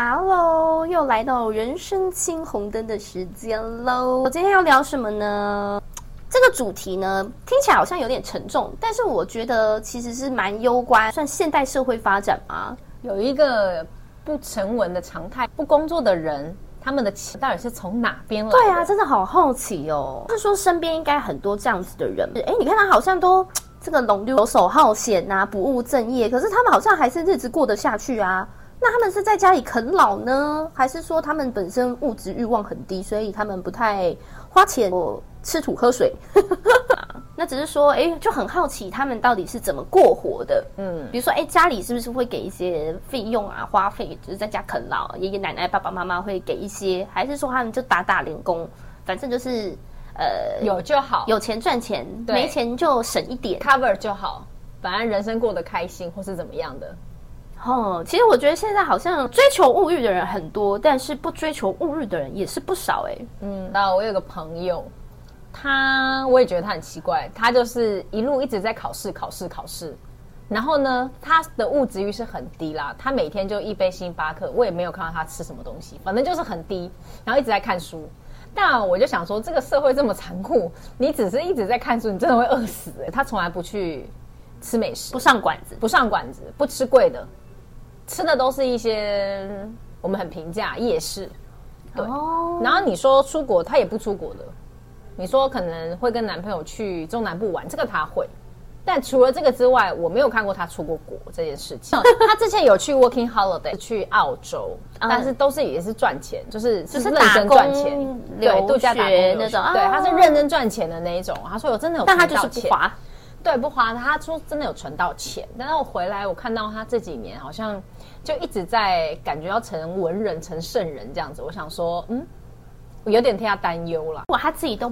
哈嘍，又來到人生青紅燈的時間嘍。我今天要聊什麼呢？這個主題呢，聽起來好像有點沉重，但是我覺得其實是蠻攸關，算現代社會發展嗎？有一個不成文的常態，不工作的人，他們的錢到底是從哪邊來？對啊，真的好好奇哦。他說身邊應該很多這樣子的人。哎，你看他好像都這個龍溜游手好閒吶、啊，不務正業，可是他們好像還是日子過得下去啊。那他們是在家裡啃老呢，還是說他們本身物質欲望很低，所以他們不太花錢，我吃土喝水、 啊，那只是說，哎、欸，就很好奇他們到底是怎麼過活的？嗯，比如說，哎、欸，家裡是不是會給一些費用啊，花費，就是在家啃老，爺爺奶奶、爸爸媽媽會給一些，還是說他們就打打零工，反正就是，呃，有就好，有錢賺錢，沒錢就省一點，cover 就好，反正人生過得開心或是怎麼樣的。哦，其實我覺得現在好像追求物欲的人很多，但是不追求物欲的人也是不少欸。嗯，那我有個朋友，他我也覺得他很奇怪，他就是一路一直在考試，考試，考試。然後呢，他的物質慾是很低啦，他每天就一杯星巴克，我也沒有看到他吃什麼東西，反正就是很低。然後一直在看書。但我就想說，這個社會這麼殘酷，你只是一直在看書，你真的會餓死欸。他從來不去吃美食，不上館子，不上館子，不吃貴的。吃的都是一些我們很平價夜市，對。Oh. 然後你說出國，他也不出國的。你說可能會跟男朋友去中南部玩，這個他會。但除了這個之外，我沒有看過他出過國這件事情。Oh. 他之前有去 Working Holiday 去澳洲，嗯，但是都是也是賺錢，就是是認真賺錢，對，度假打工學那種。對，啊，他是認真賺錢的那一種。他說，我真的有錢，但他就是不花對，不花。他，說真的有存到錢，但是我回來我看到他這幾年好像就一直在感覺要成文人、成聖人這樣子，我想說，嗯，我有點替他擔憂了。如果他自己都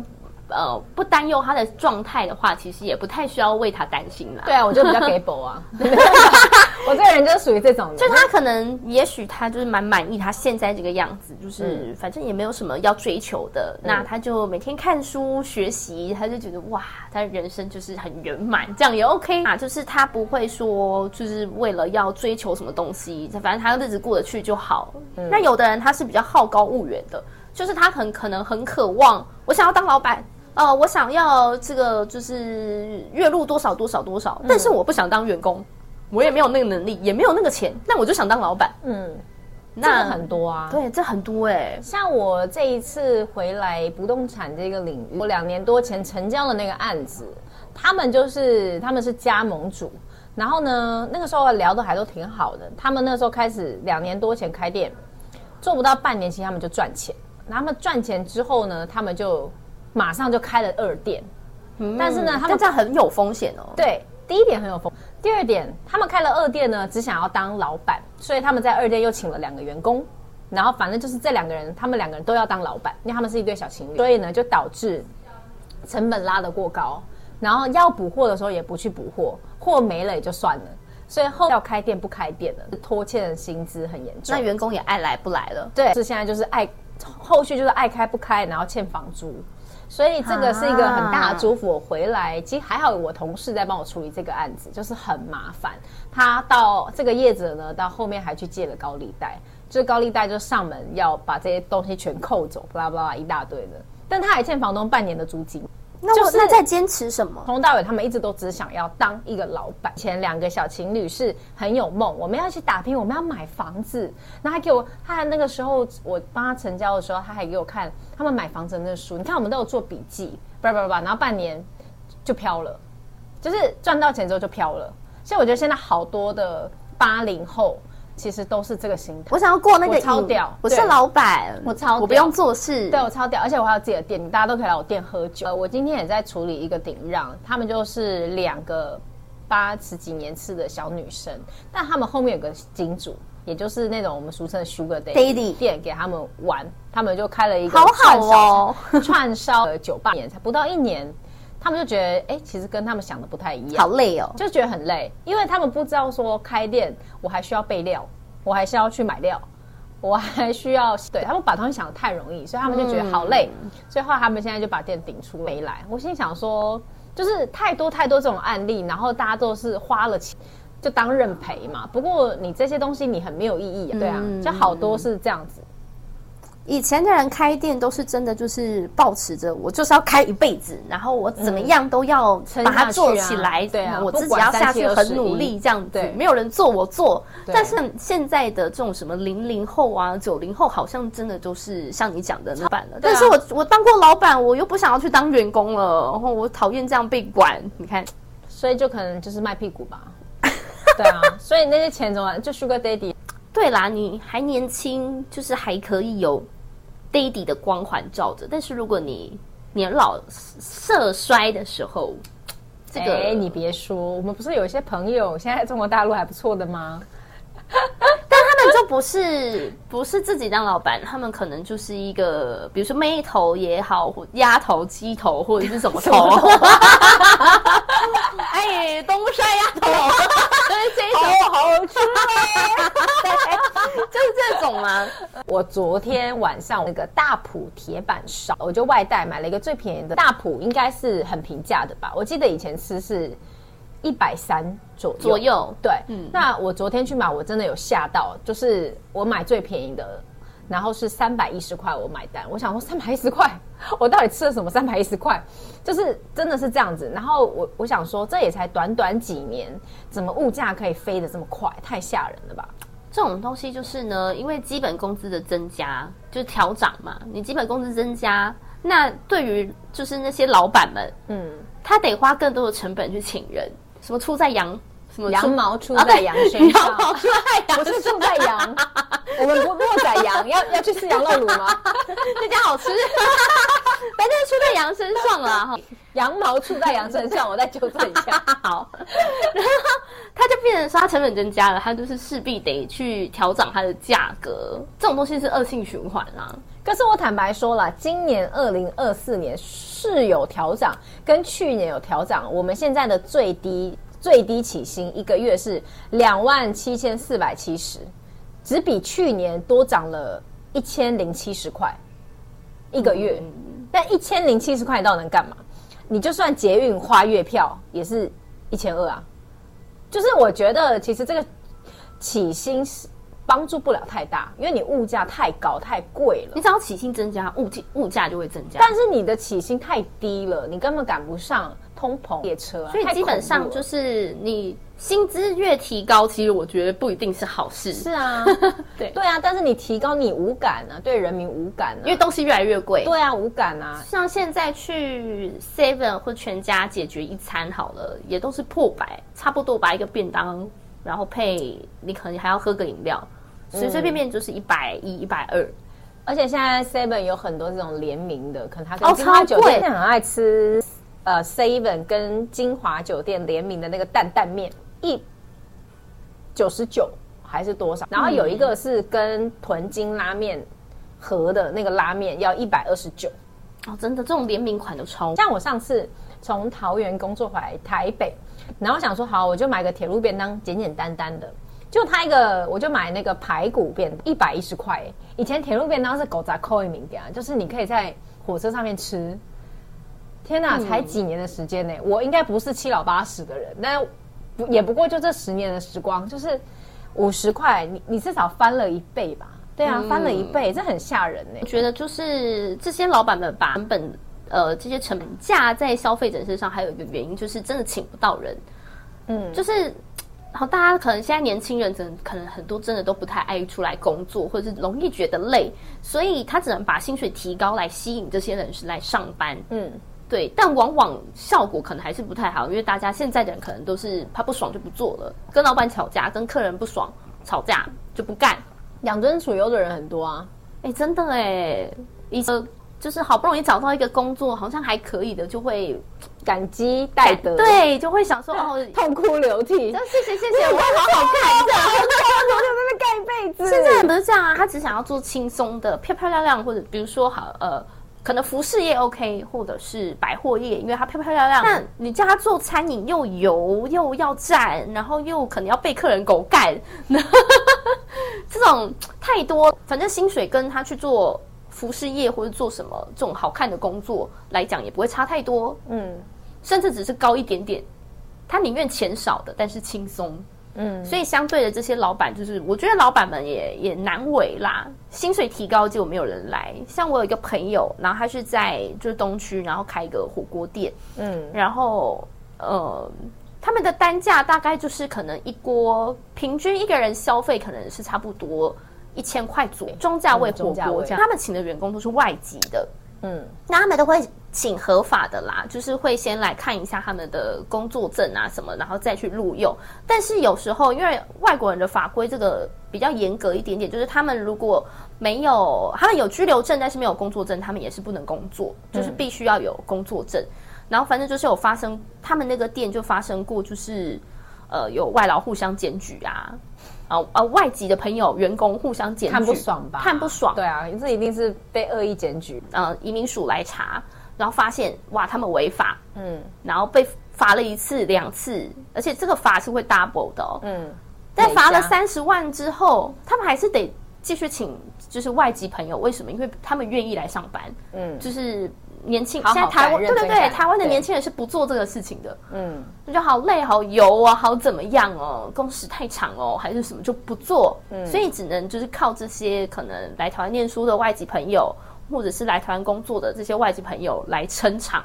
呃不擔憂他的狀態的話，其實也不太需要為他擔心了。對啊，我就比較雞婆啊。 我這個人就屬於這種人，就他可能也許他就是蠻滿意他現在這個樣子，就是反正也沒有什麼要追求的，嗯、那他就每天看書學習，他就覺得哇，他人生就是很圓滿，嗯，這樣也 OK 啊。就是他不會說就是為了要追求什麼東西，反正他日子過得去就好。嗯、那有的人他是比較好高騖遠的，就是他很可能很渴望，我想要當老闆，呃，我想要這個就是月入多少多少多少，但是我不想當員工。嗯我也沒有那個能力，也沒有那個錢，那我就想當老闆。嗯，那、這個、很多啊，對，這個、很多哎、欸。像我這一次回來，不動產這個領域，我兩年多前成交的那個案子，他們就是他們是加盟主，然後呢，那個時候聊的還都挺好的。他們那時候開始兩年多前開店，做不到半年，其實他們就賺錢。然後他們賺錢之後呢，他們就馬上就開了二店，嗯、但是呢，他們這樣很有風險哦。對。第一點很有風，第二點他們開了二店呢，只想要當老闆，所以他們在二店又請了兩個員工，然後反正就是這兩個人，他們兩個人都要當老闆，因為他們是一對小情侶，所以呢就導致成本拉得過高，然後要補貨的時候也不去補貨，貨沒了也就算了，所以後要開店不開店了，拖欠的薪資很嚴重，那員工也愛來不來了，對，這現在就是愛，後續就是愛開不開，然後欠房租。所以這個是一個很大的祝福。我回來其實還好有我同事在幫我處理這個案子，就是很麻煩。他到這個業者呢，到後面還去借了高利貸，就是高利貸就上門要把這些東西全扣走，巴拉巴拉一大堆的。但他還欠房東半年的租金。那我、就是、那在堅持什麼？洪大偉他們一直都只想要當一個老闆。前兩個小情侶是很有夢，我們要去打拼，我們要買房子。那他給我，他那個時候我幫他成交的時候，他還給我看他們買房子的那書。你看我們都有做筆記，不是不是不是，然後半年就飄了，就是賺到錢之後就飄了。所以我覺得現在好多的八零後。其實都是這個心態。我想要過那個，超屌，嗯！我是老板，我超，我不用做事對。對，我超屌，而且我還有自己的店，你大家都可以來我店喝酒。呃、我今天也在處理一個頂讓，他們就是兩個八十幾年次的小女生，但她們後面有個金主，也就是那種我們俗稱的 sugar、Day、daddy 店，給他們玩，他們就開了一個好好哦， 串燒九八年才不到一年。他們就覺得，哎、欸，其實跟他們想的不太一樣，好累哦，就覺得很累，因為他們不知道說開店，我還需要備料，我還需要去買料，我還需要，對，他們把東西想得太容易，所以他們就覺得好累，嗯、最後他們現在就把店頂出沒來。我心想說，就是太多太多這種案例，然後大家都是花了錢就當認賠嘛。不過你這些東西你很沒有意義、啊，對啊、嗯，就好多是這樣子。以前的人開店都是真的，就是抱持着我就是要開一輩子，然後我怎麼樣都要把它做起來，對、嗯、啊，我自己要下去很努力這樣子，對，沒有人做我做，但是現在的這種什麼零零後啊、九零後，好像真的都是像你講的那般了、啊。但是我我當過老板，我又不想要去當員工了，然後我討厭這樣被管，你看，所以就可能就是賣屁股吧。 對啊，所以那些錢怎麼就 sugar daddy？對啦，你還年輕，就是還可以有、哦。爹地的光環照着，但是如果你年老色衰的時候，這個、欸、你別說，我們不是有一些朋友現在在中國大陸還不錯的嗎？但他們就不是不是自己當老闆，他們可能就是一個，比如說妹頭也好，或丫頭、雞頭或者是什麼頭。 我昨天晚上那個大埔鐵板燒，我就外帶買了一個最便宜的大埔，應該是很平價的吧？我記得以前吃是一百三左右左右，對、嗯。那我昨天去買，我真的有嚇到，就是我買最便宜的，然後是三百一十塊我買單。我想說三百一十塊，我到底吃了什麼？三百一十塊，就是真的是這樣子。然後我我想說這也才短短幾年，怎麼物價可以飛得這麼快？太嚇人了吧！這種東西就是呢，因為基本工資的增加，就是調漲嘛。你基本工資增加，那對於就是那些老闆們，嗯，他得花更多的成本去請人，什麼出在羊。羊毛出在羊身上，羊毛出在，不是出在羊。哦、 粗 我們臥在羊，要要去吃羊肉爐嗎？ 這家好吃。 反正出在羊身上了哈，啊哦， 羊毛出在羊身上，我再糾正一下。 好， 然後它就變成說成本增加了，它就是勢必得去調漲它的價格。嗯、這種東西是惡性循環啦、啊。可是我坦白說啦，今年二零二四年是有調漲，跟去年有調漲。我們現在的最低。最低起薪一個月是兩萬七千四百七十，只比去年多漲了一千零七十塊一個月。嗯、但一千零七十塊你到能幹嘛？你就算捷運花月票，也是一千二啊。就是我覺得其實這個起薪是幫助不了太大，因為你物價太高太貴了。你只要起薪增加，物價物價就會增加。但是你的起薪太低了，你根本趕不上。通膨列車啊，所以基本上就是你薪資越、越提高，其實我覺得不一定是好事。是啊， 對對、對啊，但是你提高你無感啊，對人民無感、啊，因為東西越來越貴。對啊，無感啊，像現在去 Seven 或全家解決一餐好了，也都是破百，差不多吧，一個便當，然後配你可能還要喝個飲料，隨、嗯、隨隨便便就是一百一、一百二。而且現在 Seven 有很多這種聯名的，可能他跟哦在超貴，很愛吃。呃、uh，seven 跟金華酒店聯名的那個擔擔麵，一九十九還是多少、嗯？然後有一個是跟屯京拉麵合的那個拉麵，要一百二十九。哦，真的，這種聯名款都超。像我上次從桃園工作回來台北，然後想說好，我就買個鐵路便當，簡簡單單的，就他一個，我就買那個排骨便，一百一十塊。以前鐵路便當是狗雜扣 a 一名的啊，就是你可以在火車上面吃。天吶，才幾年的時間呢、嗯？我應該不是七老八十的人，但也不過就這十年的時光，就是五十塊，你你至少翻了一倍吧、嗯？對啊，翻了一倍，這很嚇人呢、欸。我覺得就是這些老闆們把成本呃這些成本架在消費者身上，還有一個原因就是真的請不到人。嗯，就是好大家可能現在年輕人可能可能很多真的都不太愛出來工作，或者是容易覺得累，所以他只能把薪水提高來吸引這些人士來上班。嗯。對，但往往效果可能還是不太好，因為大家現在的人可能都是怕不爽就不做了，跟老闆吵架，跟客人不爽吵架就不幹。養尊處優的人很多啊，哎、欸，真的哎、欸，一個就是好不容易找到一個工作好像還可以的，就會感激戴德，德，對，就會想說哦，哦，痛哭流涕，謝謝謝謝，我好好幹，好好幹，我就在那幹一輩子。現在很多人這樣啊，他只想要做輕鬆的、漂漂亮亮，或者比如說好呃。可能服飾業 OK，或者是百貨業，因為它漂漂亮亮。但你叫他做餐飲，又油又要站，然後又可能要被客人狗幹， 這種太多。反正薪水跟他去做服飾業或者做什麼這種好看的工作來講，也不會差太多。嗯，甚至只是高一點點。他寧願錢少的，但是輕鬆。嗯，所以相對的這些老板，就是我覺得老板們也也難為啦。薪水提高就沒有人來。像我有一個朋友，然後他是在就是東區，然後開一個火鍋店。嗯，然後呃，他們的單價大概就是可能一鍋，平均一個人消費可能是差不多一千塊左右，中價位火鍋，嗯，中價位這樣。他們請的員工都是外籍的。嗯，那他們都會。挺合法的啦，就是會先來看一下他們的工作證啊什麼，然後再去錄用。但是有時候因為外國人的法規這個比較嚴格一點點，就是他們如果沒有他們有居留證，但是沒有工作證，他們也是不能工作，就是必須要有工作證。嗯、然後反正就是有發生，他們那個店就發生過，就是呃有外勞互相檢舉啊，啊、呃、啊、呃、外籍的朋友員工互相檢舉，看不爽吧？看不爽，對啊，這一定是被惡意檢舉啊、呃，移民署來查。然後發現，哇，他們違法，嗯，然後被罰了一次，嗯，兩次，而且這個罰是會 double 的。哦，嗯，在罰了三十萬之後，他們還是得繼續請就是外籍朋友，為什麼？因為他們願意來上班，嗯，就是年輕，好好現在台灣對對對，台灣的年輕人是不做這個事情的，嗯，就覺得好累、好油啊、好怎麼樣哦，工時太長哦，還是什麼就不做，嗯，所以只能就是靠這些可能來台灣念書的外籍朋友。或者是來台灣工作的這些外籍朋友來撐場，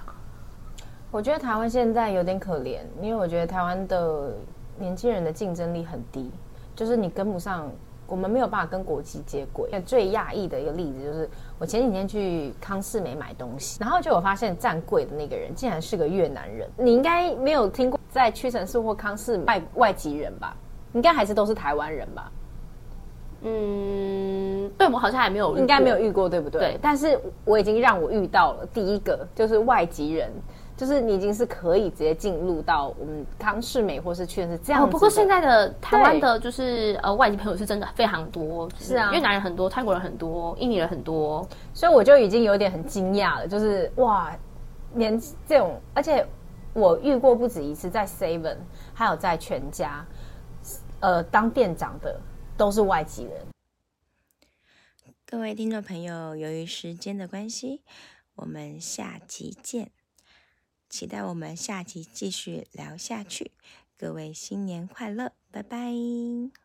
我覺得台灣現在有點可憐，因為我覺得台灣的年輕人的競爭力很低，就是你跟不上，我們沒有辦法跟國際接軌。最訝異的一個例子就是，我前幾天去康是美買東西，然後就有發現站櫃的那個人竟然是個越南人。你應該沒有聽過在屈臣氏或康是美外，外籍人吧？應該還是都是台灣人吧？嗯，對我好像還沒有，應該沒有遇過，對不對？對。但是我已經讓我遇到了第一個，就是外籍人，就是你已經是可以直接進入到我們康世美或是屈臣氏這樣子的。哦，不過現在的台灣的就是呃外籍朋友是真的非常多，是啊，越南人很多，泰國人很多，印尼人很多，所以我就已經有點很驚訝了，就是哇，連這種，而且我遇過不止一次，在 Seven 還有在全家，呃，當店長的。都是外籍人。各位聽眾朋友，由於時間的關係，我們下期見。期待我們下期繼續聊下去。各位新年快樂，拜拜。